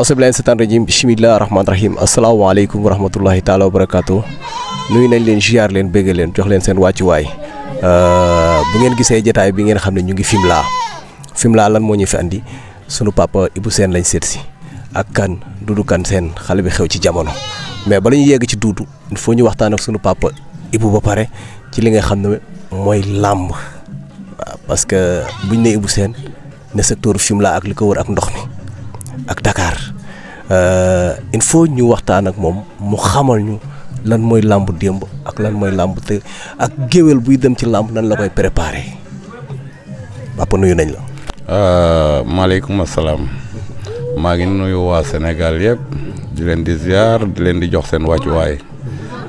bi ausebilahi setaan rajim bisimilah rahmaan rahim asalaamaaleykum wa rahmatullahi taala wa barakaatu nuyu nañ leen ziar leen bégg leen jox leen seen waay euh, bu ngeen gisee jataay bi ngeen xam ne ñu ngi Fimela laa lan moo ñu fi andi sunu papa Ibou Sène lañ seet si ak kan Doudou xale bi xew ci jamono mais bala ñu yegg ci Doudou il ñu waxtaan ak sunu papa Ibou ba pare ci li nga xam ne mooy làmb waaw que buñ ne Ibou Sène ne secteur laa ak li ko wër ak ndox mi ak Dakar euh, il faut ñu waxtaan ak moom mu xamal ñu lan mooy làmb démb ak lan mooy làmb te ak géwél buy dem ci làmb nan la koy préparé papa nuyu nañ la. Euh, maaleykum salaam maa ngi nuyu waa Sénégal yëpp di leen di ziar di leen di jox seen wàccuwaay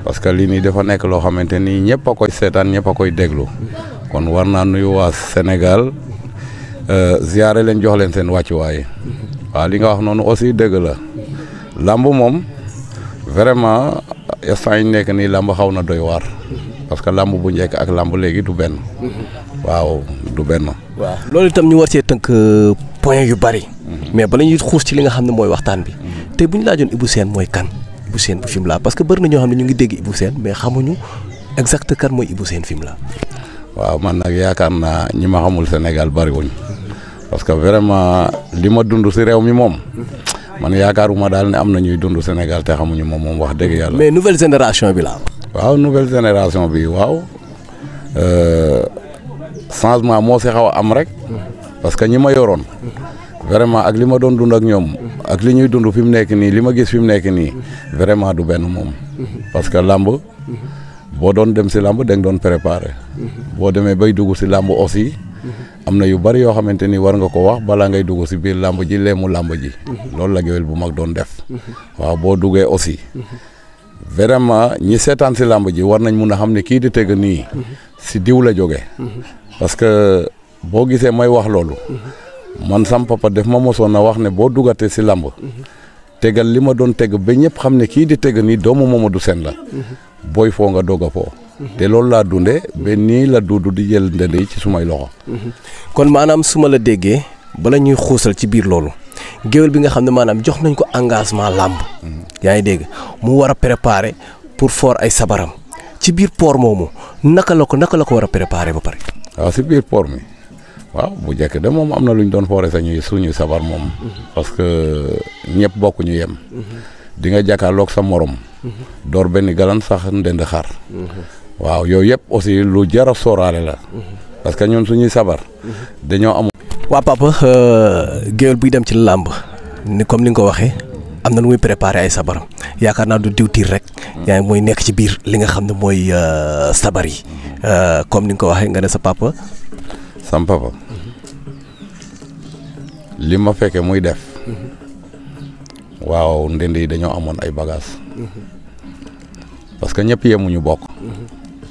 parce que lii nii dafa nekk loo xamante nii ñëpp a koy seetaan ñëpp a koy déglu kon war naa nuyu waa Sénégal euh, ziare leen jox leen seen wàccuwaay. waaw li nga wax noonu aussi dëgg la làmb moom vraiment instant yi nekk nii làmb xaw na doy waar parce que làmb bu njekk ak làmb léegi du benn. waaw du benn. waaw loolu itam ñu war cee tënk euh, point yu bari. Mhm. mais bala ñuy xuus ci li nga xam ne mooy waxtaan bi. Mhm. te bu ñu laajoon Ibou seen mooy kan Ibou seen bu Fimela parce que bëri na ñoo xam ne ñu ngi dégg Ibou seen mais xamuñu exact kan mooy Ibou Sène Fimela. waaw man nag yaakaar naa ñi ma xamul Sénégal bariwuñ parce que vraiment li ma dund si réew mi moom man yaakaaruma daal ne am na ñuy dund Sénégal te xamuñu moom moom wax dëgg yàlla. mais nouvelle génération bi la waaw nouvelle génération bi waaw euh, changement moo si xaw am rek parce que ñi ma yoroon vraiment ak li ma doon dund ak ñoom ak li ñuy dund fi mu nekk nii li ma gis fi mu nekk nii vraiment du benn moom parce que làmb boo doon dem si làmb da doon préparer. boo demee bay dugg si làmb aussi. am na yu bari yoo xamante ni war nga ko wax balaa ngay dugg si biir làmb ji leemu làmb ji. loolu la géwél bu mag doon def. waaw boo duggee aussi. vraiment ñi seetaan si làmb ji war nañ mun a xam ne kii di teg nii. si diw la jógee. parce que boo gisee may wax loolu. man sam def ma mosoon a wax ne boo duggatee si làmb. tegal li ma doon teg ba ñëpp xam ne kii di teg nii doomu Momadou Sène la booy foo nga doog a foo. te loolu laa dundee ba nii la duudu di jël ndënd yi ci sumay loxo. kon maanaam su ma la déggee bala ñuy xuusal ci biir loolu géwél bi nga xam ne maanaam jox nañ ko engagement làmp mm-hmm. yaa ngi dégg mu war a préparer pour for ay sabaram ci biir port moomu naka la ko naka la ko war a préparer ba pare. waaw ah, si biir port mi waaw bu njëkk de moom am na lu ñu doon foore sañuy suñuy sabar moom. Mm-hmm. parce que ñëpp bokk ñu yem. Mm-hmm. di nga jàkkaarloog sa morom. door benn galan sax ndend xaar waaw yooyu yëpp aussi lu jar soorale la parce que ñun suñuy sabar dañoo am waa papa euh, géwél buy dem ci làmb ni comme li nga ko waxee am na lu muy préparé ay sabaram yaakaar naa du diwtiir rek yaa mooy nekk ci biir li nga xam ne mooy euh, sabar yi euh, comme ni nga ko waxee nga ne sa papa sam papa li ma fekkee muy def mhm. waaw ndend yi dañoo amoon ay bagages parce que ñëpp ñu bokk.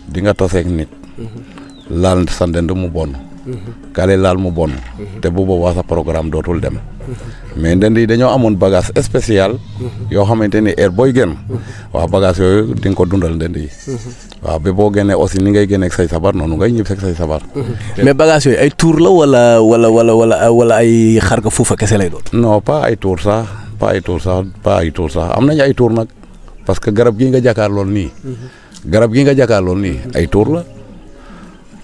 di nga taseeg nit. laal sa ndënd mu bon kale laal mu bon te bu boobaa sa programme dootul dem. mais ndend yi dañoo amoon bagage spécial. yoo xamante ni heure booy génn. waaw bagage yooyu di nga ko dundal ndënd yi. waaw ba boo génnee aussi ni ngay génneeg say sabar noonu ngay ñib seg say sabar. mais bagage yooyu ay tour la wala wala wala wala wala ay xar nga fuufa kese lay dootu no pas ay tour sax pas ay tour sax am nañ ay tour nag. parce que garab gi nga jàkkaar lool nii. Mhm. garab gi nga jàkkaar lool nii ay tuur la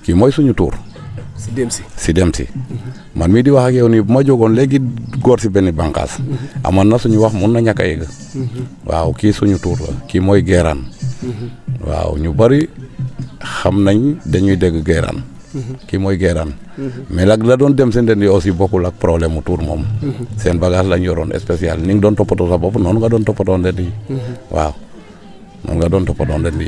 kii mooy suñu tuur. si dem si si dem si. Mhm. man mii di wax ak yow nii bu ma jógoon léegi góor si benn bànqaas. Mhm. amoon na suñu wax mun na ñàkk a waaw kii suñu tuur la kii mooy geeraan. waaw ñu bari xam nañ dañuy dégg geeraan. kii mooy geeraan mais la la doon dem seen den yi aussi bokkul ak problème mu tuur moom seen bagage lañ yoroon spécial ni nga doon toppatoo sa bopp noonu nga doon toppatoo den yi waaw noonu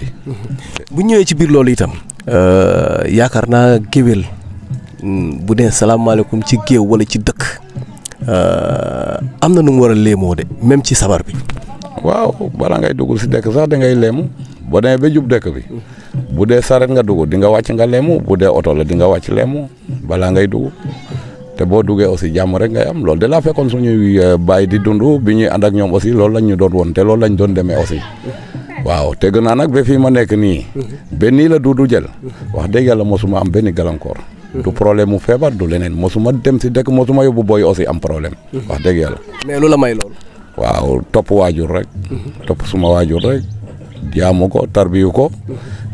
bu ñëwee ci biir loolu itam euh, yaakaar naa géwél bu dee salaamaaleykum ci géew wala ci dëkk euh, am na nu mu war a léemoo de même ci sabar bi waaw balaa ngay dugg si dëkk sax da ngay boo demee ba jub dëkk bi bu dee saret nga dugg dinga nga wàcc nga lemu bu dee oto la di nga wàcc lemu balaa ngay dugg te boo duggee aussi jàmm rek nga am loolu de la fekkoon suñuy euh, bàyyi di dundu bi ñuy ànd ak ñoom aussi loolu lañ ñu doon woon te loolu lañ doon demee aussi waaw te gën naa nag fii ma nekk nii ba nii la duudu jël wax dëgg yàlla mosuma am benn gàllankoor du problème mu feebar du leneen mosuma dem si dëkk mosuma yóbbu booy aussi am problème wax dëgg yàlla mais lu may loolu waaw topp waajur rek topp suma waajur rek jaamu ko tarbiyu ko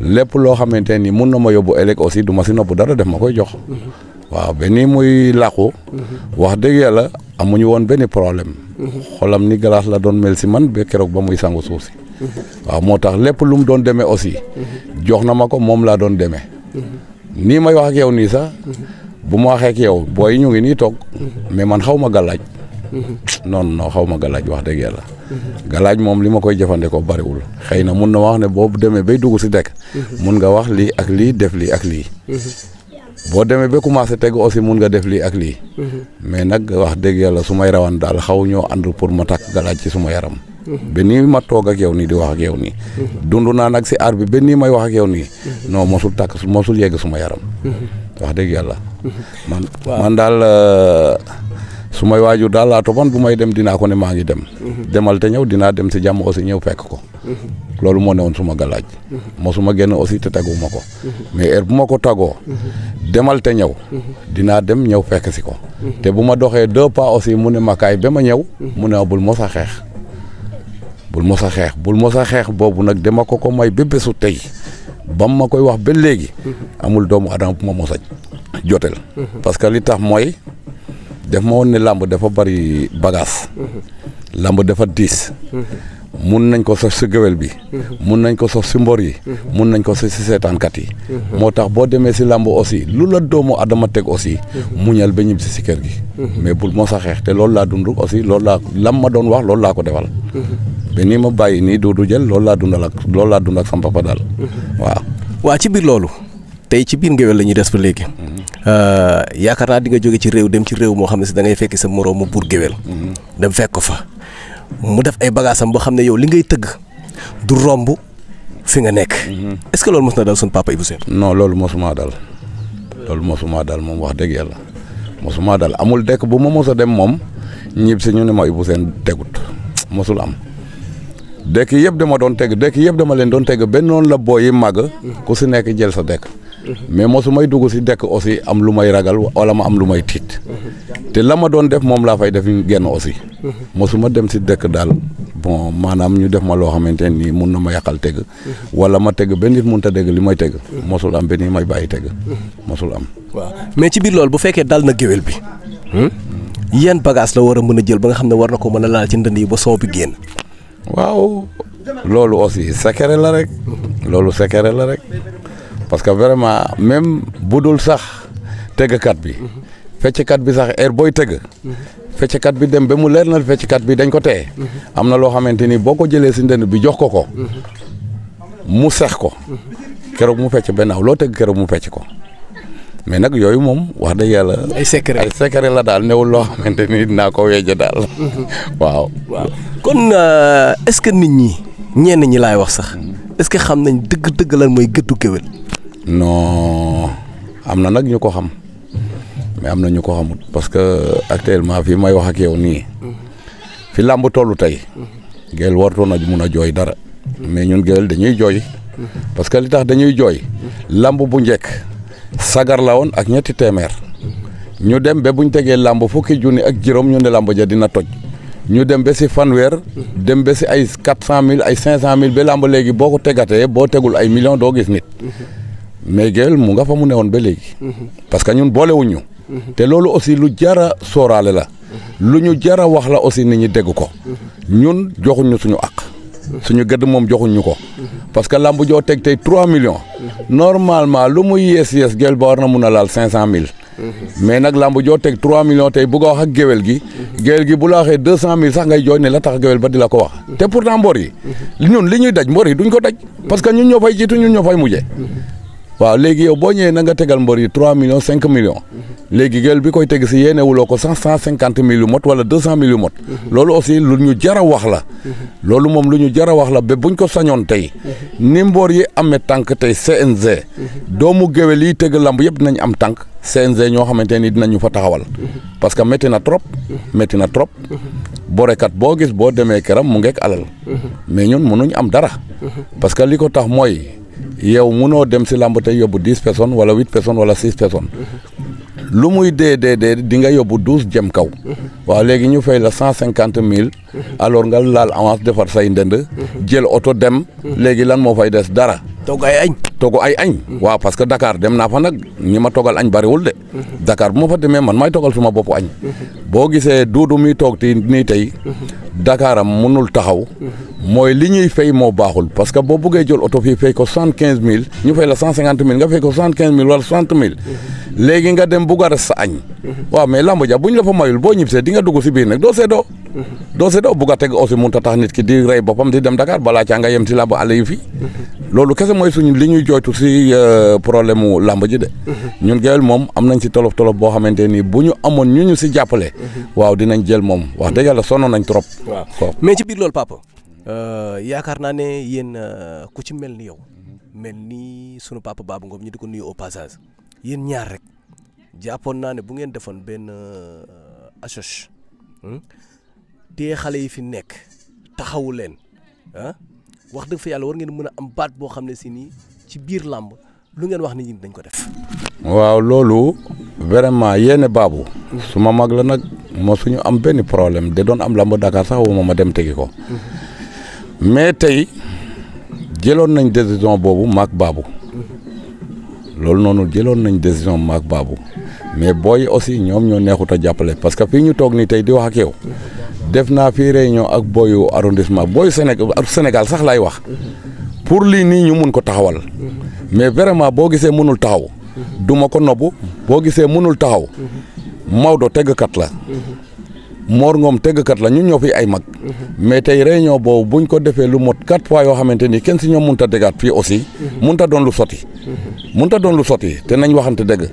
lépp loo xamante ni mun na ma yóbbu ëllëg aussi duma si nopp dara def ma koy jox waaw ba ni muy làqu wax dëgg yàlla amuñu woon benn problème xolam ni glace la doon mel si man ba keroog ba muy sangu suuf si waaw moo tax lépp lu mu doon demee aussi jox na ma ko moom laa doon demee nii may wax ak nii sax bu ma waxee ak yow booy ñu ngi nii toog mais man xaw ma gàllaaj noonu non xaw ma galaaj wax dëgg yàlla galaaj moom li ma koy jëfandikoo bariwul xëy na mun na wax ne boo demee bay dugg si dekk mun nga wax lii ak lii def lii ak lii boo demee ba commencé teg aussi mun nga def lii ak lii mais nag wax dëgg yàlla su may rawan daal xaw ñoo ànd pour ma takk galaaj ci suma yaram ba nii ma toog ak yow nii di wax ak yow dund naa nag si aar bi ba nii may wax ak yow nii noo mosul takk mosul yegg suma yaram wax dëgg yàlla man daal euh, su may waajur daal laa toppoon bu may dem dinaa ko ne maa ngi dem. Mhm. demal te ñëw dinaa dem si jàmm aussi ñëw fekk ko. Mhm. loolu moo ne woon suma galaaj. Mhm. mosuma génn aussi te taggu ma ko. mais heure bu ma ko tagoo. demal te ñëw. dinaa dem ñëw fekk si ko. te bu ma doxee deux pas aussi mu ne ma ba ma ñëw. mu ne abul mos a xeex. bul mos a xeex bul mos a xeex boobu nag dama ko ko may ba bésu tey bam ma koy wax ba léegi. amul doomu adama bu ma mos a parce que li tax mooy. def ma woon ne làmb dafa bari bagage làmb dafa diis mun nañ ko sos si géwél bi mun nañ ko sos si mbor yi mun nañ ko sos si seetaankat yi moo tax boo demee si làmb aussi lu la doomu adama teg aussi muñal ba ñibbi si si kër gi mais bul moo sa xeex te loolu laa dund aussi loolu laa lam ma doon wax loolu laa ko defal ba nii ma bàyyi nii du du jël loolu laa dundal ak loolu laa dund ak sama papa daal waaw waa ci biir loolu tey ci biir ngéwél la ñuy des ba léegi euh, yaakaar naa di nga jóge ci réew dem ci réew moo xam ne si da ngay fekki sa moroom mu buur géwél mm-hmm. dem fekk ko fa mu def ay bagaasam boo xam ne yow li ngay tëgg du romb fi nga nekk mm-hmm. est-ce loolu mos na dal suñu papa Ibou Sène non loolu mosumaa dal loolu mosumaa dal moom wax dëgg yàlla maa dal amul dekk bu ma mos dem moom ñib si ñu ne ma Ibou Sène tegut mosul am dekk yëpp dama doon teg dekk yëpp dama leen doon teg benn noonu la booyi màgg ku si nekk jël sa dekk mais mosu may dugg si dekk aussi am lu may ragal wala ma am lu may tiit te la ma doon def moom laa fay def genn aussi mosu ma dem si dekk daal bon maanaam ñu def ma loo xamante nii mun na ma yàqal teg wala ma teg benn nit mun ta dégg li may teg mosul am benn may bàyyi teg mosul am waaw mais ci biir loolu bu fekkee dal na géwél bi hmm? yan bagage la war a mën a jël ba nga xam ne war na ko mën a laal ci ndënd yi ba soow bi génn waaw loolu aussi secret la rek loolu secret la rek parce que vraiment même bu dul sax tëggkat bi fecckat bi sax heure booy tëgg fecckat bi dem ba mu leer na fecckat bi dañ ko téye am na loo xamante ni boo ko jëlee si ndënd bi jox ko ko mu sex ko keroog mu fecc benn loo tëgg keroog mu fecc ko mais nag yooyu moom wax dëgg yàlla. ay secret ay la daal newul loo xamante ni dinaa ko wejje daal. Mhm. waaw. waaw kon euh, est-ce que nit ñi ñenn ñi laay wax sax mhm. est-ce que xam nañ dëgg-dëgg lañ mooy gëddu géwél. non am na nag ñu ko xam mais am na ñu ko xamut parce que actuellement fii may wax ak yow nii mhm. fi làmb tollu tey. géwél wartoon na mun a jooy dara. mais ñun géwél dañuy jooy. parce que li tax dañuy jooy. làmb bu njëkk. sagar la woon ak ñetti téeméer ñu dem be bu ñu tegee làmb fukki junni ak juróom ñu ne làmb ja dina toj ñu dem ba si fanweer dem ba si ay quatre cent mille ay cinq cent mille ba làmb léegi boo ko tegatee boo tegul ay millions doo gis nit mais géel mu nga fa mu ne woon ba léegi parce que ñun boolewuñu te loolu aussi lu jara sooraale la lu ñu jara wax la aussi nit ñi dégg ko ñun joxuñu suñu àq suñu gëdd moom joxuñu ko parce que lamb joo teg tey 3 millions. normalement lu muy yees yees géwél ba war na mun a laal 500000. mais nag lamb joo teg 3 millions tey bëgg a wax ak géwél gi. géwél gi bu la waxee 200000 sax ngay jooy ne la tax géwél ba di la ko wax. te pourtant mbor yi. ñun li ñuy daj mbor yi duñ ko daj. parce que ñun ñoo fay jiitu ñun ñoo fay mujjee. waaw léegi yow boo ñëwee na nga tegal mbër yi trois millions cinq millions léegi gel bi koy teg si yéene ko sax cent cinquante mille yu mot wala deux cent mille loolu aussi lu ñu jar a wax la loolu moom lu ñu jar a wax la ba bu ñu ko sañoon tey ni mboor yi amee tànk tey CNG doomu géwél yi tëgg lamb yëpp dinañ am tànk CNG ñoo xamante ni dinañu fa taxawal parce que métti na trop métti na trop borekat boo gis boo demee këram mu ngeek alal mais ñun mënuñ am dara parce que li ko tax mooy yow munoo dem si lamb tey yobbu dix personnes wala huit personnes wala six personnes lu muy dee dee dee di nga yóbbu douze jem kaw waaw léegi ñu fay la cent cinquante mille alors nga laal avance defar say ndënd jël oto dem léegi lan moo fay des dara togg ay añ togg ay añ waaw parce que dakaar dem naa fa nag ñi ma toggal añ bariwul de dakaar bu ma fa demee man maay toggal suma bopp añ boo gisee duudu mi toog ti nii tey dakaaram munul taxaw mooy li ñuy fay moo baaxul parce que boo buggee jël oto fii fay ko soixante quinze mille ñu fay la cent cinquante mille nga fay ko soixante quinze mille wala soixante léegi nga dem bugg a res sa añ waaw mais lamb ja bu la fa mayul boo ñibsee di nga dugg si biir nag doo seedoo doo seedoo bugg a teg aussi mun ta tax nit ki di rey boppam di dem Dakar balaa caa nga yem si lamb àll fii loolu kese mooy suñu li ñuy jooytu si euh, problème mu lamb ji de ñun Gueweul moom am nañ si tolof tolof boo xamante nii bu ñu amoon ñu ñu si jàppale waaw dinañ jël moom wax dëgg yàlla sonnoon nañ trop waaw mais ci biir loolu papa Euh, yaakaar naa ne yéen euh, ku ci mel ni yow mel ni sunu papa baabu Ngom ñu di ko nuyu au passage yéen ñaar rek jàppoon naa ne bu ngeen defoon benn euh, asoc hmm, te xale yi fi nekk taxawu leen ah wax dëgg fa yàlla war ngeen mën a am baat boo xam ne si nii ci biir làmb lu ngeen wax nit ñi dañ ko def. waaw loolu vraiment yéen baabu su ma mag la nag moo suñu am benn problème de doon am làmb Dakar sax wu ma ma dem tegi ko. Mhm. mais tey jëloon nañ décision boobu maak baabu loolu noonu jëloon nañ décision maak baabu mais booy aussi ñoom ñoo neexut a jàppale parce que fii ñu toog nii tey di wax ak yow def naa fii réunion ak booyu arrondissement booyu Sénégal sax laay wax pour lii nii ñu mun ko taxawal mais vraiment boo gisee mënul taxaw duma ko nobb boo gisee mënul taxaw Maodo teggkat la Mor Ngom tëggkat la ñun ñoo fi ay mag. mais tey réunion boobu bu ñu ko defee lu mot quatre fois yoo xamante ni kenn si ñoom mënut a déggaat fii aussi. mënut a doon lu sotti. mënut a doon lu sotti te nañ waxante dëgg.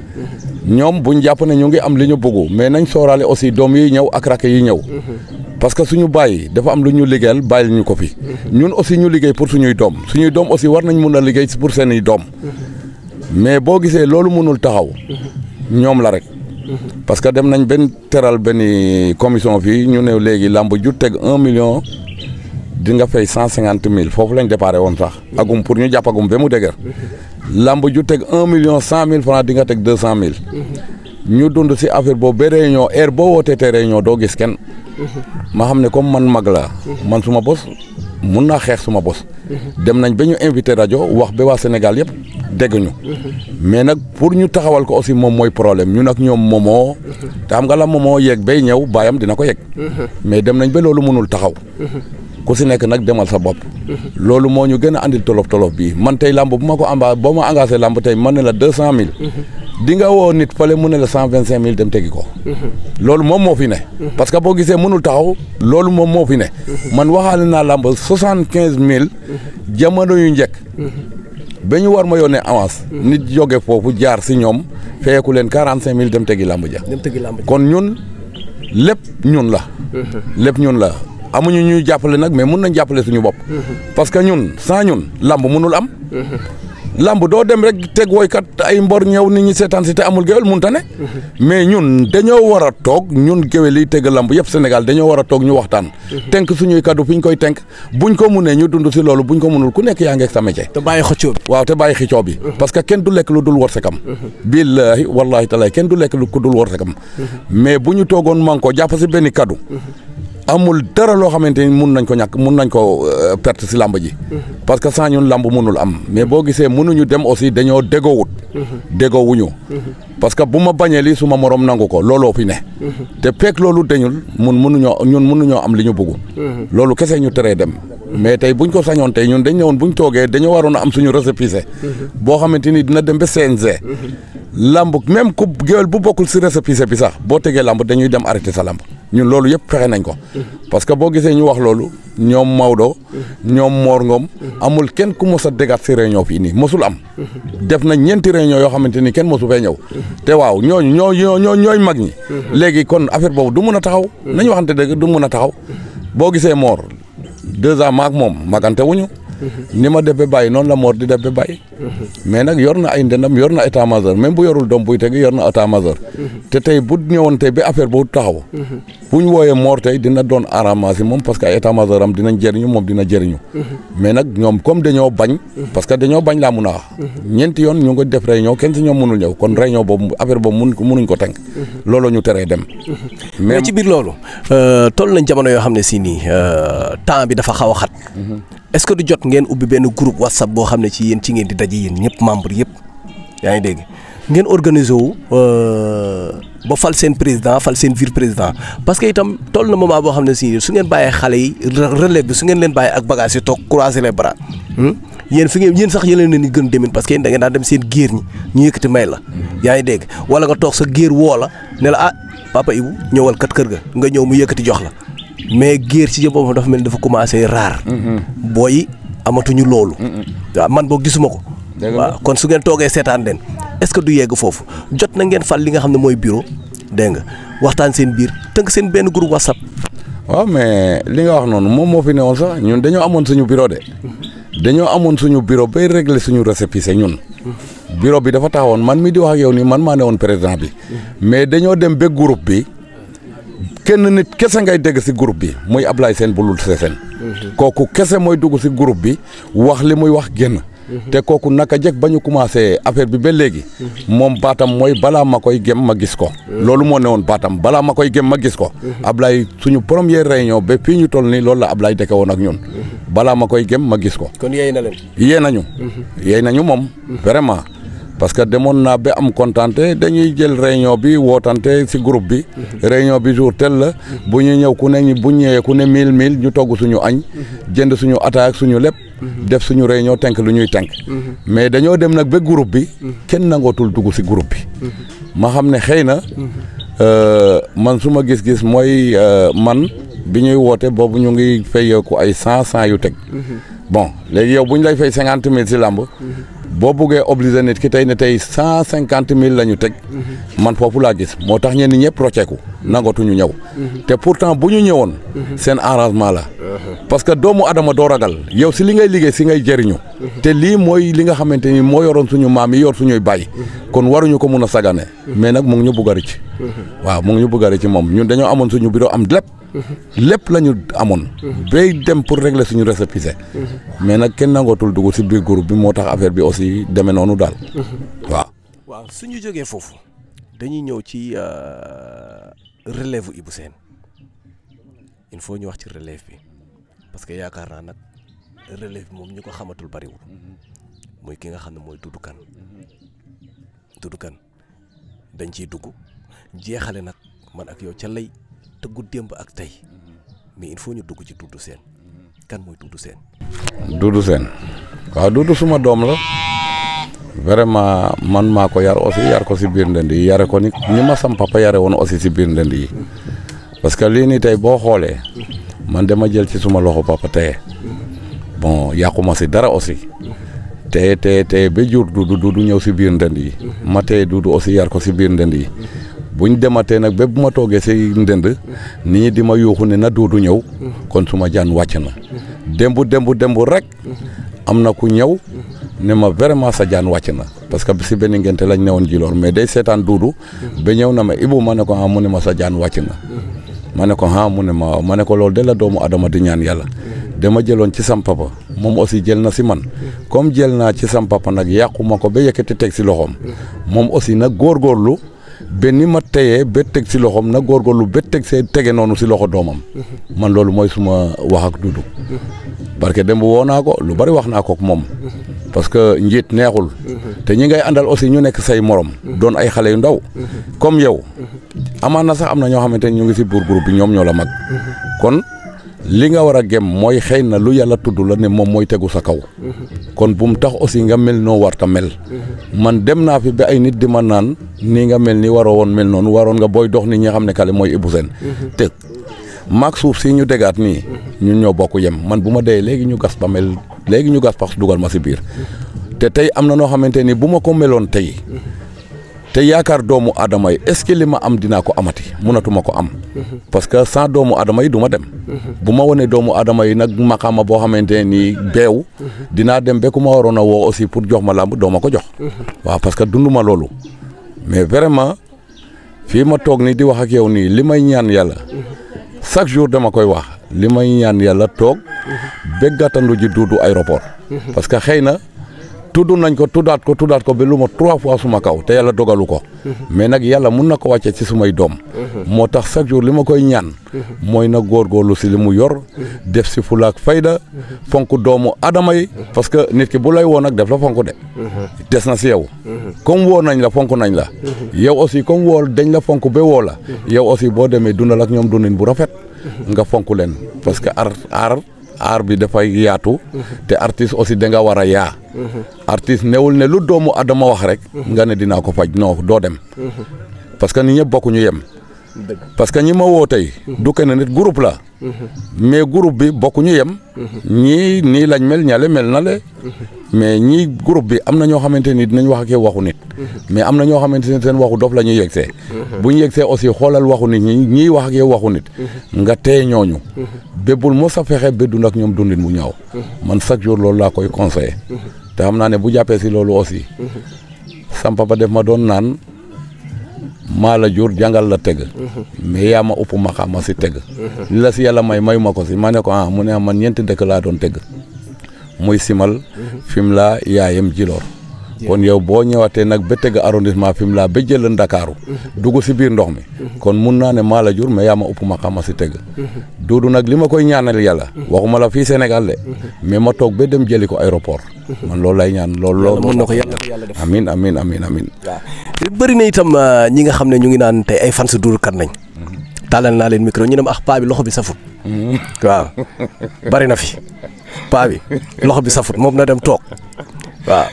ñoom buñ jàpp ne ñu ngi am li ñu bëgg mais nañ sooraale aussi doom yi ñëw ak rakk yi ñëw. parce que suñu bàyyi dafa am lu ñu liggéeyal bàyyil ñu ko fi. ñun aussi ñu liggéey pour suñuy doom suñuy doom aussi war nañ mun a liggéey pour seeni doom. mais boo gisee loolu mënul taxaw. ñoom la rek. parce que dem nañ benn teral benn commission fii ñu ne léegi lamb ju teg un million di nga fay cent cinquante mille foofu lañ déparé woon sax. agum pour ñu jàppagum ba mu dëgër. lamb ju teg un million cent mille franc di nga teg deux cent mille. ñu dund si affaire boobu ba ñoo heure bo wootee te réunion doo gis kenn. maa xam ne comme man mag la man suma bos mun naa xeex suma bos. dem nañ ba ñu invité rajo wax ba waa Sénégal yëpp dégg ñu. mais nag pour ñu taxawal ko aussi moom mooy problème ñun nag ñoom moomoo. te am nga la moomoo yeeg bay ñëw baayam dina ko yegg. mais dem nañ ba loolu mënul taxaw. ku si nekk nag demal sa bopp. loolu moo ñu gën a andil tolof tolof bii man tey làmb bu ma ko amba boo ma engagé làmb tey man ne la deux cent mille. di nga woo nit fële mu ne la cent vingt cinq mille dem tegi ko. loolu moom moo fi ne. parce que boo gisee mënul taxaw loolu moom moo fi ne. man waxaale naa lamb soixante quinze mille. jamono yu njëkk. ba ñu war ma yónnee avance. nit jóge foofu jaar si ñoom feyeku leen quarante cinq mille dem tegi làmb ja. dem tegi làmb ja kon ñun lépp ñun la. lépp ñun la amuñu ñuy jàppale nag mais mun nañ jàppale suñu bopp. parce que ñun sans ñun làmb mënul am. lamb doo dem rek teg woykat ay mbor ñëw nit ñi seetaan si te amul géwél mun ta ne mhm. mais ñun dañoo war a toog ñun géwél yi teg lamb yëpp Sénégal dañoo war a toog ñu waxtaan mhm. tënk suñuy kaddu fi ñu koy tënk buñ ko munee ñu dund si loolu buñ ko munul ku nekk yaa ngeeg sa métier te bàyyi xëccoo bi waaw te bàyyi xëccoo bi mhm. parce que kenn du lekk lu dul wërsëgam billaahi wallaahi talaay kenn du lekk lu ku dul wërsëgam mais bu ñu toogoon man ko jàpp si benn kaddu amul dara loo xamante ni mun nañ ko ñàkk mun nañ ko euh, perte si làmb ji. Mm-hmm. parce que sans ñun làmb munul am mais boo gisee mënuñu dem aussi dañoo dégoowut. Mm-hmm. déggoowuñu. Mm-hmm. parce que bu ma bañee lii su ma morom nangu ko looloo fi ne. te fekk loolu dañul mun mënuñoo ñun mënuñoo am li ñu bëgg. loolu kese ñu teree dem. mais tey buñ ko sañoon tey ñun dañ ñëwoon buñ toogee dañoo waroon am suñu récépissé. Mhm. boo xamante ni dina dem ba CNG. Mhm. lamb même ku géwél bu bokkul si récépissé bi sax boo tegee lamb dañuy dem arrêté sa lamb ñun loolu yëpp fexe nañ ko. Mhm. parce que boo gisee ñu wax loolu ñoom Maodo. ñoom moor Ngom. amul kenn ku mos a dégat si réunion fii nii mosul am. def na ñeenti réunion yoo xamante ni kenn mosu fee ñëw. te waaw ñooñu ñoo ñoo ñooy mag ñi. léegi kon affaire boobu du mun a taxaw. nañu waxante dëgg du mun a taxaw. boo gisee Mor deux ans maak moom magante wuñu ni ma def ba bàyyi noonu la Mor di def ba bàyyi. mais nag yor na ay ndendam yor na état major même bu yorul doom buy teg yor na état major. te tey bu ñëwoon tey ba affaire boobu taxaw. bu ñu wooyee Mor tey dina doon arrangement si moom parce que ay état major am dinañ jëriñu moom dina jëriñu. mais nag ñoom comme dañoo bañ. parce que dañoo bañ laa mun a wax. ñeenti yoon ñu ngi def réunion kenn si ñoom mënul ñëw kon réunion boobu affaire boobu munuñ ko tënk. looloo ñu teree dem. mais ci biir loolu euh, toll nañ jamono yoo xam ne si nii euh, temps bi dafa xaw a est-ce que du jot ngeen ubbi benn groupe whatsapp boo xam ne ci yéen ci ngeen di daje yéen ñëpp membre yëpp yaa ngi dégg ngeen organiser wu euh, ba fal seen président fal seen vice président parce que itam toll na moment boo xam ne si su ngeen bàyyee xale yi relève bi su ngeen leen bàyyee ak bagage yi toog croiser les bras hmm? yéen fi ngeen yéen sax yéen leen ni gën demin parce que yéen da ngeen daan dem seen géer ñi ñu yëkkati may la yaa ngi dégg wala nga toog sa géer woo ne la ah papa ñëwal kat kër ga nga ñëw mu yëkkati jox la mais géer ci jëm boppam dafa mel ni dafa commencé raar. Mm-hmm. booy amatuñu loolu. Mm-hmm. waaw man boo gisuma ko. waaw kon su ngeen toogee seetaan leen est-ce que du yegg foofu jot na ngeen fal li nga xam ne mooy bureau dégg nga waxtaan seen biir tënk seen benn groupe WhatsApp. waaw mais li nga wax noonu moom moo fi ne newoon sax ñun dañoo amoon suñu bureau de dañoo amoon suñu bureau bay régler suñu récépissé ñun. bureau bi dafa taxawoon man mi di wax ak yow nii man maa newoon président bi. Mm-hmm. mais dañoo dem ba groupe bi. kenn nit kese ngay dégg si groupe bi muy Ablaye Sène bulul Sessène mhm. kooku kese mooy dugg si groupe bi wax li muy wax génn mhm. te kooku naka jëkk ba ñu commencé affaire bi ba léegi mhm. moom baatam mooy balaa ma koy gem ma gis ko loolu moo ne woon baatam balaa ma koy gem ma gis ko Ablaye suñu première réunion ba fii ñu toll nii loolu la ablaay deke woon ak ñun balaa ma koy gem ma gis ko kon yéey na leen nañu yéey nañu moom vraiment parce que demoon naa ba am kontante dañuy jël réunion bi wootante si groupe bi. réunion bi jour tel la. bu ñu ñëw ku ne ñu bu ñëwee ne mille mille ñu togg suñu añ. jënd suñu attaque suñu lépp. def suñu réunion tenk lu ñuy tënk. mais dañoo dem nag ba groupe bi. kenn nangootul dugg si groupe bi. ma xam ne xëy na. Euh, man su ma gis-gis mooy euh, man bi ñuy woote boobu ñu ngi fayeeku ay cent cent yu teg. Mhm. bon léegi yow bu ñu lay fay cinquante mille si làmb. boo buggee obligé nit ki tey ne tey cent cinquante mille la ñu teg mhm. man foofu laa gis moo tax ñenn ñëpp rocceeku nangatuñu ñëw mhm. te pourtant bu ñu ñëwoon mhm. seen arrangement la uh-huh. parce que doomu adama doo ragal yow si li ngay liggéey si ngay jëriñu te lii mooy li nga xamante ni moo yoroon suñu maam yi yor suñuy bàyyi kon waruñu ko mun a sagane mais nag mu ñu bugg a waaw mu ñu bugg a rëcc moom ñun dañoo amoon suñu bureau am lépp lépp lañu amoon. bay dem pour régler suñu récépissé. mais nag kenn nangootul dugg si biir groupe bi moo tax affaire bi aussi demee noonu daal. waaw. waaw suñu jógee foofu dañuy ñëw ci euh, relève bu Ibou il faut ñu wax ci relève bi parce que yaakaar naa nag relève bi moom ñu ko xamatul bariwul muy ki nga xam ne mooy Doudou Kane Doudou Kane dañ ciy dugg jeexale nag man ak yow ca lay. tëggu démb ak tey mais il faut ñu dugg ci Doudou seen kan mooy Doudou seen Doudou Sène waaw Doudou suma doom la vraiment man maa ko yar aussi yar ko si biir ndënd yi yare ko ni ni ma sam papa yare woon aussi si biir ndënd yi parce que lii nii tey boo xoolee man dama jël ci suma loxo papa teye bon yàquma si dara aussi teye teye teye ba jur Doudou Doudou ñëw si biir ndënd yi ma teye Doudou aussi yar ko si biir ndënd yi. ñu dematee nag ba bu ma toogee si ndënd nit ñi di ma yuuxu ne na duudu ñëw kon suma jaan wàcc na dembu dembu dembu rek am na ku ñëw ne ma vraiment sa jaan wàcc na parce que si benn ngente lañ newoon jiloor mais day seetaan duudu ba ñëw na ma ibu ma ne ko ah mu ne ma sa jaan wàcc na ma ne ko ah mu ne ma ma ne ko loolu de la doomu adama di ñaan yàlla ma jëloon ci sam papa moom aussi jël na si man comme jël naa ci sam papa nag yàqu ma ko ba yëkkati teg si loxoom moom aussi nag góorgóorlu ba ni ma teyee ba teg si loxoom na góorgóorlu ba teg see tege noonu si loxo doomam. man loolu mooy suma wax ak Dudu. parce que démb woo naa ko lu bari wax naa kook moom. parce que njiit neexul. te ñi ngay àndal aussi ñu nekk say morom. doon ay xale yu ndaw. comme yow. amaan na sax am na ñoo xamante ne ñu ngi si buur groupe bi ñoom ñoo la mag. kon. li nga war a gem mooy xëy na lu yàlla tudd la ne moom mooy tegu sa kaw kon bu mu tax aussi nga mel noo warta mel man dem naa fi ba ay nit di ma naan nii nga mel ni waroo woon mel noonu waroon nga booy dox ni ñi nga xam ne kale mooy Ibou Sène te maag suuf si ñu dégaat nii ñun ñoo bokk yem man bu ma dee léegi ñu gas ba mel léegi ñu gas pax dugal ma si biir te tey am na noo xamante ni bu ma ko meloon tey te yaakaar doomu aadama yi est-ce que li ma am dinaa ko amati mënatuma ko am. parce que sans doomu aadama yi duma dem. bu ma wane doomu aadama yi nag maqaama boo xamante ni beew. dinaa dem be ku ma waroon a woo aussi pour jox ma làmb doo ma ko jox. waaw parce que dund ma loolu. mais vraiment fii ma toog nii di wax ak yow nii li may ñaan yàlla. chaque jour dama koy wax li may ñaan yàlla toog. ba gàttandu ji duudu aéroport. parce que xëy na. tudd nañ ko tuddaat ko tuddaat ko ba lu ma trois fois suma kaw te yàlla dogalu ko. mais nag yàlla mun na ko wàcce ci sumay doom. moo tax chaque jour li ma koy ñaan. mooy na góorgóorlu si li mu yor. def si fulaak fayda. fonk doomu adama yi. parce que nit ki bu lay woon nag def la fonk de. des na si yow. comme woo nañ la fonk nañ la. yow aussi comme woo dañ la fonk ba woo la. yow aussi boo demee dundal ak ñoom dundin bu rafet. nga fonk leen parce que ar art bi dafay yaatu te artiste aussi da nga war a yaa artiste newul ne lu doomu adama wax rek nga ne dina ko faj non doo dem mhm. parce que ni ñëpp bokkuñu yem parce que ñi ma woo tey. du kenn nit groupe la. mais groupe bi bokkuñu yem. ñii nii lañ mel ñale mel na le. mais ñii groupe bi am na ñoo xamante ni dinañ wax ak yow waxu nit. mais am na ñoo xamante ni seen waxu dof la ñuy yegsee. bu ñu yegsee aussi xoolal waxu nit ñi ñii wax ak yow waxu nit. nga tee ñooñu. bébbul moo sa fexe ba dund ak ñoom dundin bu ñaaw. man chaque jour loolu laa koy conseillé. te xam naa ne bu jàppee si loolu aussi. sama papa def ma doon naan. maa la jur jàngal la teg mhm. mais yaa ma upp ma xam ma si teg mhm. li la si yàlla may mayu ko si ma ne ko ah mu ne man ñeenti dëkk laa doon tëgg muy simal mhm. fim laa yaayam jiloor kon yow boo ñëwaatee nag ba teg arrondissement fi mu laa ba jëlan Ndakaaru dugg si biir ndox mi kon mun naa ne maala la jur mais yaa ma ëpp ma xama si tëgg duudu nag li ma koy ñaanal yàlla waxuma la fii senegal de mais ma toog ba dem jëli ko aéroport man loolu lay ñaan lool loolu mën yàlla def amin te bëri na itam euh, ñi nga xam ne ñu ngi naan tey ay fans Doudou Kane nañ tàllal naa leen micro ñu ne ma ah paa bi loxo bi safut mm-hmm. waaw bëri na fi paa bi loxo bi safut moom na dem toog waaw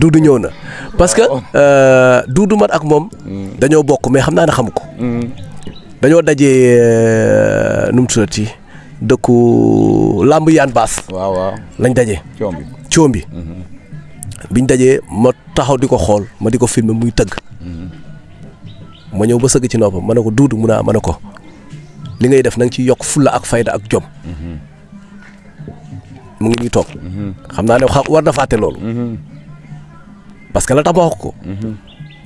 Doudou ñëw na parce que euh, Doudou man ak moom mm. dañoo bokk mais xam naa ne xamu ko mm. dañoo dajee euh, nu mu dëkku làmb yaan baas waaw lañ daje coom bi mm-hmm. biñ dajee ma taxaw di ko xool ma di ko filmer muy tëgg mm-hmm. ma ñëw ba sëgg ci noppam ma ne ko duudu mun a ma ne ko li ngay def na nga ciy yokk fulla ak fayda ak jom mm-hmm. mu ngi nii toog mm-hmm. xam naa ne war na fàtte loolu parce que la tax ma wax ko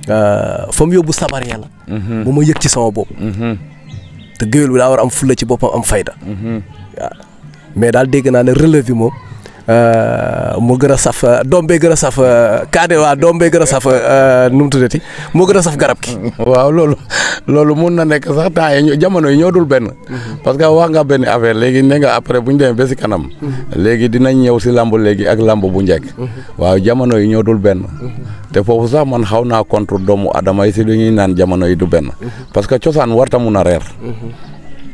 euh, fa mu yóbbu sabar yàlla ba ma yëg ci sama bopp te géwél bi daa war am fulla ci boppam am fayda mais daal dégg naa ne relève bi moom Euh, mu gër a saf euh, doom bee gën a saf euh, kaane waa doom bee gën a saf nu mu ti moo gën a saf garab gi. waaw loolu loolu mun na nekk sax temps yi jamono yi ñoo dul benn. parce que wax nga benn affaire léegi ne nga après bu ñu demee ba si kanam. léegi dinañ ñëw si lamb léegi ak lamb bu njëkk. waaw jamono yi ñoo dul benn. te foofu sax man xaw naa contre doomu adama yi si lu ñuy naan jamono yi du benn. parce que cosaan warta mun a reer.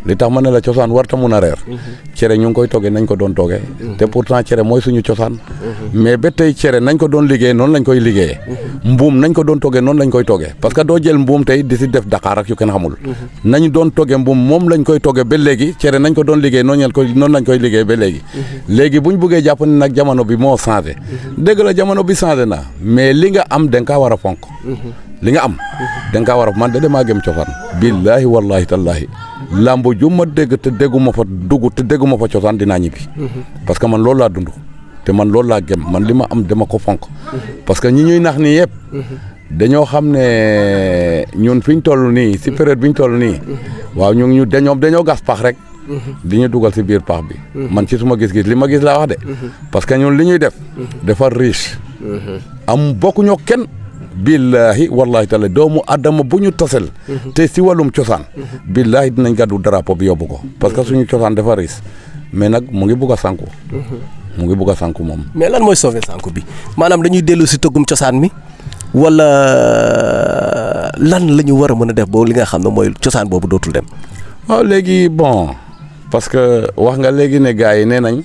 li tax ma ne la cosaan warta mun a reer mhm. cere ñu ngi koy toggee nañ ko doon toggee mhm. te pourtant cere mooy suñu cosaan mhm. mais ba tey cere nañ ko doon liggéey noonu lañ koy liggéeyee mbuum nañ ko doon toggee noonu lañ koy toggee parce que doo jël mbuum tey di def Dakar ak xamul nañ doon toggee mbuum moom lañ koy toggee ba léegi cere nañ ko doon liggéey noonu lañ koy noonu lañ koy liggéey ba léegi léegi buñ buggee jàpp ne nag jamono bi moo changé dëgg la jamono bi changé na mais li nga am da nga war a fonk li nga am da nga kaa war a man da damaa gëm cosaan billaahi wallaahi tallaahi lambo ju ma dégg te déggu ma fa dugg te déggu ma fa cosaan dinaa ñibbi parce que man loolu laa dund te man loolu la gëm man li ma am dama ko fonk parce que ñi ñuy nax nii yëpp dañoo xam ne ñun fi ñu toll ni si période bi ñu toll nii waaw ñu ngi ñu dañoo dañoo gas pax rek di ñu dugal si biir pax bi man ci suma gis-gis li ma gis la wax de parce que ñun li ñuy def dafa riche am bokkuñoo kenn billaahi wallaahi taala doomu adama bu ñu tasel mhm. te si wàllum cosaan mhm. billaahi dinañ gàddu drapeau bi yóbbu ko parce que mhm. suñu cosaan dafa riis mais nag mu ngi bugg a sànku mu ngi bugg a sànku moom mais lan mooy sauver sanku bi maanaam dañuy dellu si tëggum cosaan mi wala euh, lan la ñu war a mën a def boobu li nga xam ne mooy cosaan boobu dootul dem waaw ah, léegi bon parce que wax nga léegi ne gars yi nee nañ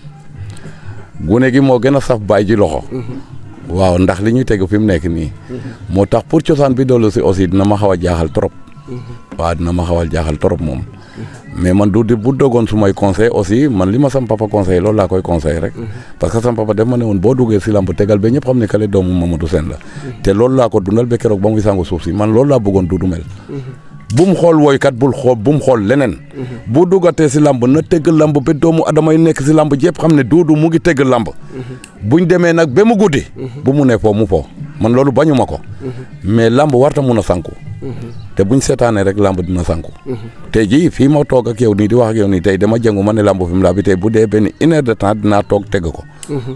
gune gi moo gën a saf baay ji loxo waaw ndax li ñuy tegu fi mu nekk nii. moo tax pour cosaan bi dollu si aussi dina ma xaw a jaaxal trop. waaw dina ma xaw a jaaxal trop moom. mais man du di bu dogoon su may conseil aussi man li ma sam conseil loolu laa koy conseil rek. parce que sam papa def ma ne woon boo dugee si lamb tegal ba ñëpp xam ne kale doomu Mamadou Sène la. te loolu laa ko dundal ba keroog ba muy sangu suuf si man loolu laa bëggoon du du bu mu xool woykat bul xool bu mu xool leneen. bu dugatee si làmb na tëgg làmb ba doomu adama yi nekk si làmb yëpp xam ne du mu ngi tëgg làmb. buñ demee nag ba mu guddi. bu mu ne foo mu foo man loolu bañu ma ko. mais làmb warta mun a sanku te buñ seetaanee rek làmb dina sànku. tey jii fii ma toog ak yow nii di wax ak yow nii tey dama jëngu ma ne làmb fi mu laa tey bu dee benn une heure de temps dinaa toog teg ko.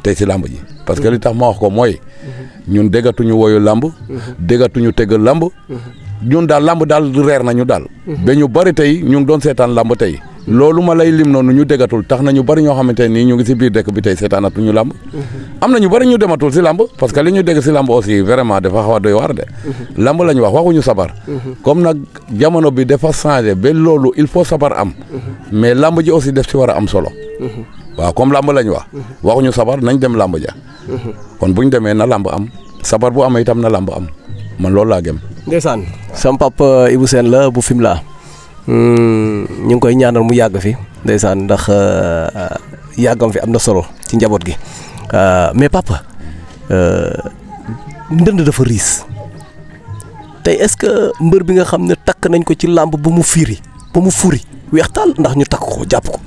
tey si làmb ji. parce que li tax ma wax ko mooy. ñun déggatuñu woyu làmb. déggatuñu tëgg làmb. ñun daal làmb daal reer nañu daal. Mhm. ba ñu bari tey ñu ngi doon seetaan làmb tey. loolu ma lay lim noonu ñu déggatul tax nañu bari ñoo xamante nii ñu ngi si biir dëkk bi tey seetaanatuñu làmb. Mhm. am na ñu ñu dematul si làmb parce que li ñu dégg si lamb aussi vraiment dafa xaw a doy waar de. Mhm. làmb lañ wax waxuñu sabar. comme nag jamono bi dafa changé ba loolu il faut sabar am. mais làmb ji aussi def si war a am solo. waaw comme làmb lañ wax. waxuñu sabar nañ dem làmb ja. kon bu ñu demee na làmb am sabar bu amee itam na làmb am. man loolu laa gëm. ndeysaan sama papa Ibou Sène la bu fim laa hmm, ñu ngi koy ñaanal mu yàgg fi ndeysaan ndax euh, euh, yàggam fi am na solo ci njaboot gi euh, mais papa ndënd dafa riis te est-ce que mbër bi nga xam ne takk nañ ko ci làmb ba mu fiiri ba mu furi weextaal ndax ñu takk ko jàpp ko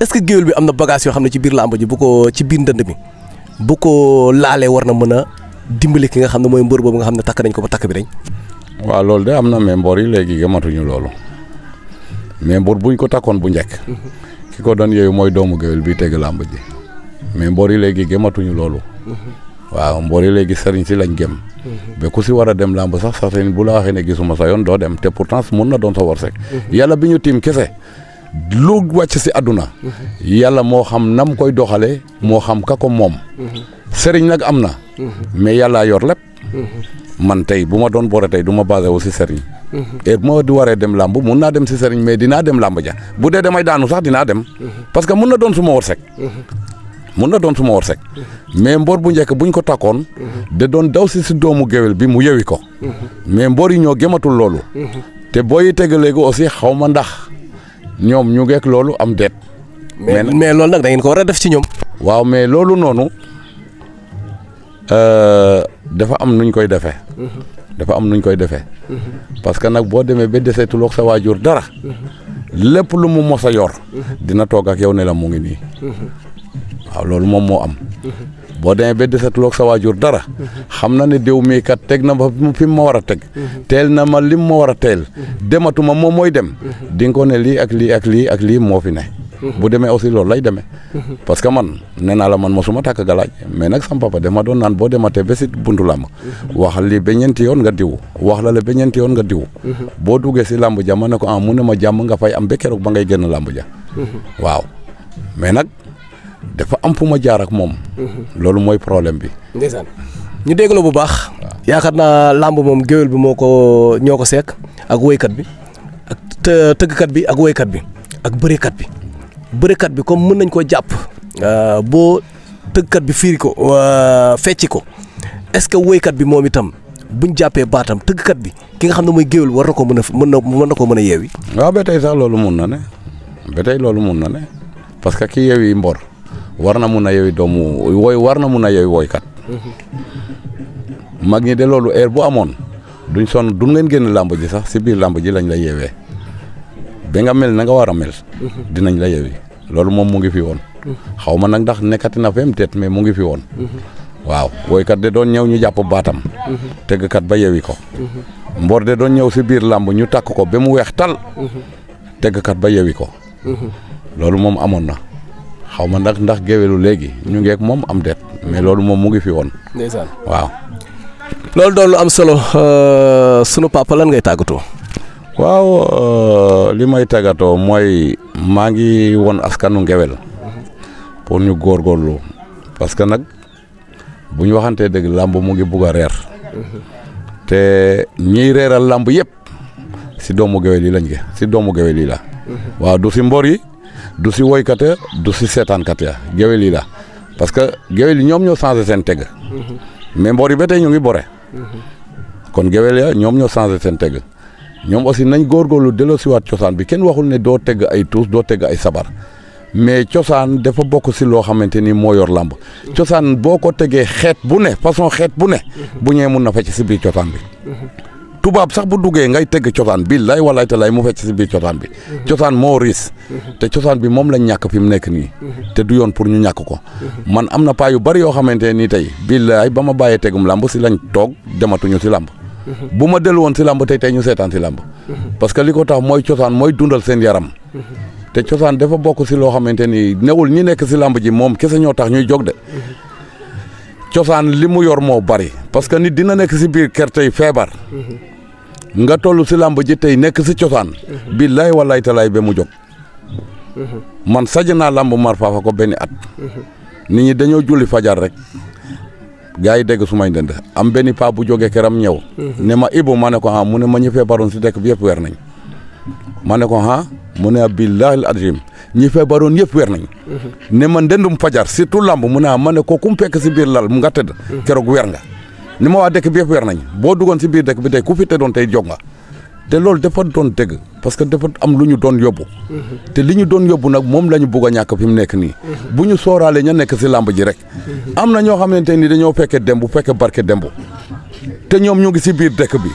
est-ce que géwél bi am na bagage yoo xam ne ci biir làmb ji bu ko ci biir ndënd mi bu ko laalee war na mën a dimbali ki nga xam ne mooy mbër boobu nga xam ne takk nañ ko ba takk bi dañ. waaw loolu de am na mais mboor yi léegi gëmatuñu loolu mais mboor ko takkoon bu njëkk. ki ko doon yooyu mooy doomu géwél bi teg làmb ji mais mboor yi léegi gëmatuñu loolu. waaw mboor yi léegi sëriñ si lañ gëm. ba ku si war a dem làmb sax sax bu la waxee ne gisuma sax yoon doo dem te pourtant mun na doon sa wërsëg. yàlla bi ñu tiim kese. lu wàcc si àdduna. yàlla moo xam nam koy doxalee. moo xam ka ko moom. sëriñ nag am na. Mhm. mais yàllaa yor lépp. Mhm. man tey bu ma doon boole tey du ma basé wu si sëriñ. Mhm. et bu ma waree dem làmb mun naa dem si sëriñ mais dinaa dem làmb ja bu dee damay daanu sax dinaa dem. parce que mun na doon su ma wërsëg. mun na doon su ma wërsëg. mais mboor bu njëkk buñ ko takkoon. de doon daw si si doomu géwél bi mu yewi ko. mais mboor yi ñoo gématul loolu. te booy yi teg aussi xaw ma ndax ñoom ñu ngeek loolu am deet mais mais loolu nag da ngeen ko war a def ci ñoom. waaw mais loolu Euh, dafa am nuñ koy defee. Mm-hmm. dafa am nuñ koy defee. Mm-hmm. parce que nag boo demee ba deseetul sa waajur dara. Mm-hmm. lépp lu mu mos a yor. dina toog ak yow ne la mu ngi nii. waaw loolu moom moo am. boo demee ba deseetul sa waajur dara. xam na ne déw mii kat teg na ma fi mu ma war a teg. teel na ma lim ma war a teel. dematuma moom mooy dem. di ko ne lii ak lii ak lii ak lii moo fi ne. bu demee aussi loolu lay deme parce que man nee naa la man mosuma tàkk galaaj mais nag sama papa dama doon naan boo dematee ba si buntu làmb. wax li ba ñeenti yoon nga diw. wax la la ba ñeenti yoon nga diw. boo duggee si làmb ja ma ko ah mu ne ma jàmm nga fay am ba keroog ba ngay génn làmb ja. waaw mais nag dafa am fu ma jaarak moom. loolu mooy problème bi. ndeysaan ñu déglu bu baax. yaakaar naa làmb moom géwél bi moo ko ñoo ko seek ak woykat bi ak bi ak woykat bi ak bëreekat bi. bërekat bi comme mën nañ ko jàpp euh, boo tëggkat bi fiiri ko euh, fecci ko est-ce que woykat bi moom itam buñ jàppee baatam tëggkat bi ki nga xam ne mooy géwél war na ko mën a mën mën na ko mën a yeewi. waaw ba tey sax loolu mun na ne ba tey loolu mun na ne parce que ki yeewi mbor war na mun a yeewi doomu woy war na mun a yeewi woykat mag ñi de loolu heure bu amoon duñ sonn du ngeen génn làmb ji sax si biir làmb ji lañ la yeewee. ba nga mel na nga war a mel. Mhm. dinañ la yewi loolu moom mu ngi fi woon. Mhm. xaw ma nag ndax nekkati na fem teet mais mu ngi fi woon. Mhm. waaw woykat de doon ñëw ñu jàpp baatam. tëggkat ba yewi ko. mboor de doon ñëw si biir làmb ñu takk ko ba mu weex tal. tëggkat ba yewi ko. loolu moom amoon na. xaw ma nag ndax géwélu léegi ñu ngeek moom am deet mais loolu moom mu ngi fi woon. ndeysaan waaw. loolu doon lu am solo euh, sunu papa lan ngay tàggatoo. waaw euh, li may tàggatoo mooy maa ngi won askanu ngewel pour ñu góorgóorlu parce que nag bu ñu waxantee dëgg làmb mu ngi bugg reer te ñiy reeral làmb yëpp si doomu gewel yi lañ ge si doomu gewel yi la waaw du si mbor yi du si woykat ya du si seetaankat ya gewel yi la parce que gewel yi ñoom ñoo changé seen teg mais mbor yi ba tey ñu ngi bore kon gewel ya ñoom ñoo changé seen teg ñoom aussi nañ góorgóorlu delloosiwaat cosaan bi kenn waxul ne doo teg ay tuus doo teg ay sabar mais cosaan defa bokk si loo xamante ni moo yor làmb cosaan boo ko tegee xeet bu ne façon xeet bu ne bu ñee mun na fecc si biir cosaan bi tubaab sax bu duggee ngay teg cosaan bi lay walaay te lay mu fecc si biir cosaan bi cosaan moo riis te cosaan bi moom lañ ñàkk fi mu nekk nii te du yoon pour ñu ñàkk ko man am na paa yu bari yoo xamante nii tey billaay ba ma bàyyee tegum làmb si lañ toog dematuñu si làmb bu ma dellu si làmb tey tey ñu seetaan si làmb parce que li ko tax mooy cosaan mooy dundal seen yaram te cosaan dafa bokk si loo xamante ni newul ñi nekk si lamb ji moom kese ñoo tax ñuy jog de cosaan li mu yor moo bari parce que nit dina nekk si biir kër tey feebar nga toll si làmb ji tey nekk si cosaan billaay wallaay talaay ba mu jog man sañ naa làmb mar faafa ko benn at nit ñi dañoo juli fajar rek gaa yi dégg su may dënd am benn paa bu jógee këram ñëw. Mhm. ne ma Ibou ma ne ko ah mu ne ma ñu feebaroon si dekk bi yëpp weer nañ. ma ne ko ah mu ne billahi al-azim ñi feebaroon yëpp weer nañ. Mhm. ne ma ndëndum fajar surtout lamb mu ne ah ma ne ko ku mu fekk si biir lal mu nga tëdd. Mhm. keroog weer nga. ni ma waa dëkk bi yëpp weer boo duggoon si biir dëkk bi tey ku fi tëddoon tey jóg nga. te loolu dafa doon dégg parce que dafa am lu ñu doon yóbbu. te li ñu doon yóbbu nag moom la ñu bugg a ñàkk fi mu nekk nii. bu ñu sooraalee ña nekk si làmb ji rek. am na ñoo xamante ni dañoo fekkee demb fekkee barke demb te ñoom ñu ngi si biir dëkk bi.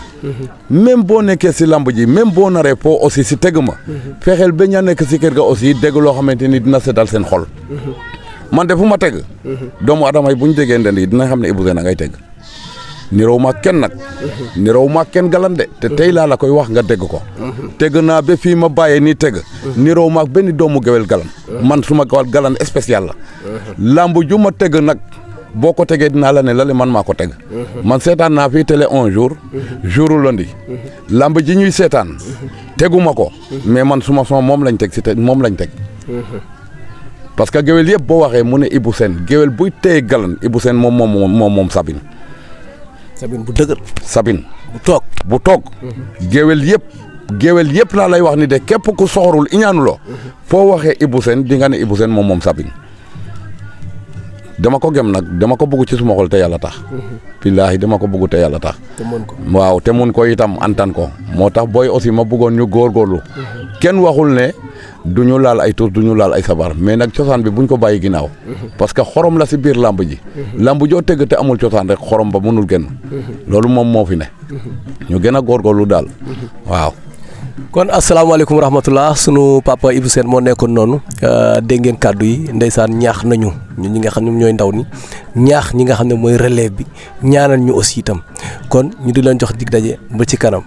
même boo nekkee si làmb ji même boo naree foo aussi si teg ma. fexeel ba ña nekk si kër ga aussi dégg loo xamante ni dina seddal seen xol. man de fu ma teg. doomu adama yi bu ñu déggee ndend dina xam ne Ibou Sène ngay teg. niraw ma kenn nag niraw ma kenn galande te tey laa la koy wax nga dégg ko teg naa ba fii ma bàyyee nii teg niraw ma benn doomu géwel galan man suma gewel galan spécial la lamb ju ma teg nag boo ko tegee dinaa la ne lale man maa ko teg man seetaan naa fii télé un jour jour lundi lamb ji ñuy seetaan teguma ko mais man suma suma moom lañ teg si te moom lañ teg parce que gewel yëpp boo waxee mu ne Ibou seen gewel buy téye galan Ibou seen moom moom moom moom Sabine sabin bu dëgër. sabin bu toog bu toog. géwél yëpp géwél yëpp laa lay wax ni de képp ku soxorul iñaanuloo foo waxee Ibou seen di nga ne Ibou Sène moom moom sabin dama ko gem nag dama ko bëgg ci suma xol te yàlla tax. billaahi dama ko bëgg te yàlla tax. te ko waaw te mën ko itam antan ko moo tax booy aussi ma bëggoon ñu góorgóorlu. kenn waxul ne. du ñu laal ay tuus du ñu laal ay sabar mais nag cosaan bi buñ ko bàyyi ginnaaw parce que xorom la si biir làmb ji làmb joo tëgg te amul cosaan rek xorom ba mënul génn loolu moom moo fi ne ñu gën a góorgóorlu daal waaw kon asalaamaaleykum wa rahmatullah sunu papa Ibou Sène moo nekkoon noonu euh, déggeen kàddu yi ndeysaan ñaax nañu ñi nga xam ne ñooy ndaw ni ñaax ñi nga xam ne mooy relève bi ñaanal ñu aussi itam kon ñu di leen jox dig daje ba ci kanam